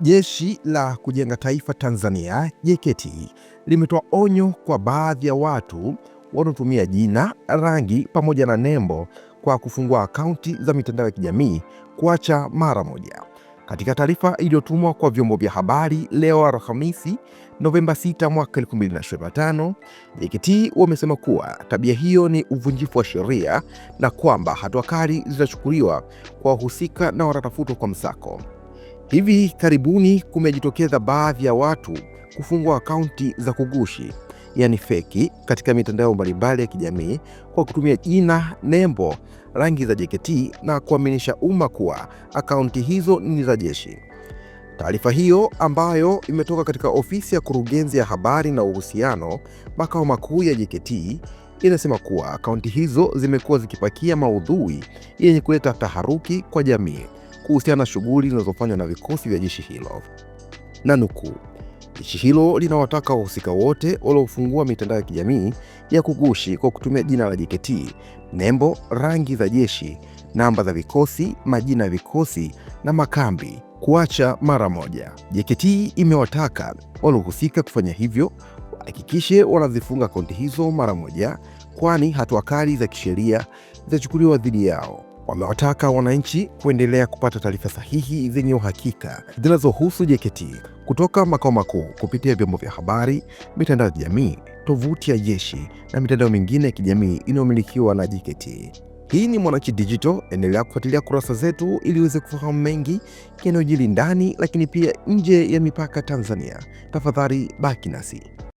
Jeshi la Kujenga Taifa Tanzania JKT limetoa onyo kwa baadhi ya watu wanaotumia jina, rangi pamoja na nembo kwa kufungua akaunti za mitandao ya kijamii kuacha mara moja. Katika taarifa iliyotumwa kwa vyombo vya habari leo Alhamisi, Novemba 6 mwaka 2025, JKT wamesema kuwa tabia hiyo ni uvunjifu wa sheria na kwamba hatua kali zitachukuliwa kwa wahusika na watatafutwa kwa msako. Hivi karibuni kumejitokeza baadhi ya watu kufungua akaunti za kugushi, yani feki, katika mitandao mbalimbali ya kijamii kwa kutumia jina, nembo, rangi za JKT na kuaminisha umma kuwa akaunti hizo ni za jeshi. Taarifa hiyo ambayo imetoka katika ofisi ya kurugenzi ya habari na uhusiano, makao makuu ya JKT, inasema kuwa akaunti hizo zimekuwa zikipakia maudhui yenye kuleta taharuki kwa jamii kuhusiana na shughuli zinazofanywa na vikosi vya jeshi hilo, na nukuu, jeshi hilo linawataka wahusika wote waliofungua mitandao ya kijamii ya kugushi kwa kutumia jina la JKT, nembo, rangi za jeshi, namba za vikosi, majina ya vikosi na makambi kuacha mara moja. JKT imewataka waliohusika kufanya hivyo wahakikishe wanazifunga akaunti hizo mara moja kwani hatua kali za kisheria zitachukuliwa dhidi yao. Wamewataka wananchi kuendelea kupata taarifa sahihi zenye uhakika zinazohusu JKT kutoka makao makuu kupitia vyombo vya habari, mitandao ya kijamii tovuti ya jeshi na mitandao mingine ya kijamii inayomilikiwa na JKT. Hii ni Mwananchi Digital, endelea kufuatilia kurasa zetu ili uweze kufahamu mengi yanayojiri ndani, lakini pia nje ya mipaka Tanzania. Tafadhali baki nasi.